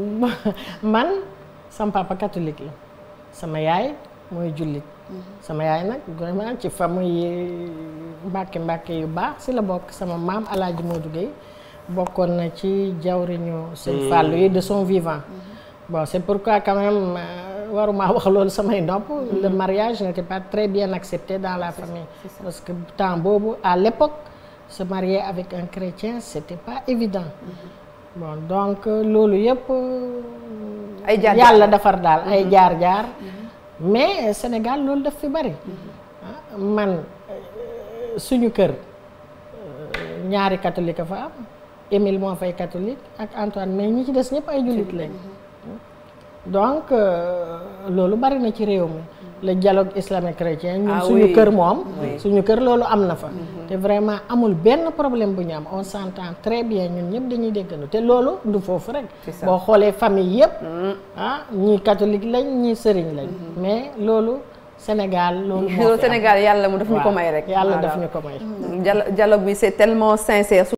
man sama papa la sama yaay mooy jullit mhm. sama yaay nag vraiment ci famille mbàkke mbàkke yu baax si la bokk sama maam Alaaji moo Gueye bokkoon na ci jawriñu sëñ mm. Fallou yi de son vivant mhm. bon c'est pourquoi quand même euh, waruma wax loolu samay nopp mhm. le mariage n'était pas très bien accepté dans la famille parce que temps boobu à l'époque se marier avec un chrétien c'était pas évident bon donc loolu yëpp. Euh, ay jaar yàlla defar daal ay mhm. jaar jaar. Mhm. mais Sénégal loolu def fi bari. Mhm. Ah, man euh, suñu kër euh, ñaari catholique fa am Émile moo fay catholique ak Antoine mais ñi ci des ñëpp ay jullit lañ. donc loolu bari na ci réew mi. le dialogue islamo-chrétien ñun ah suñu kër moom suñu kër loolu am na fa mhm. te vraiment amul benn problème bu ñu am on s'entend très bien ñun ñëpp dañuy dégganu te loolu du foofu rek boo xoolee famille yëpp mhm. ah ñii catholique lañ ñii sëriñ lañ mhm. mais loolu Sénégal loolu moo Sénégal yàlla mu daf ñu ko may rek yàlla daf ñu ko may dialogue bi c'est tellement sincère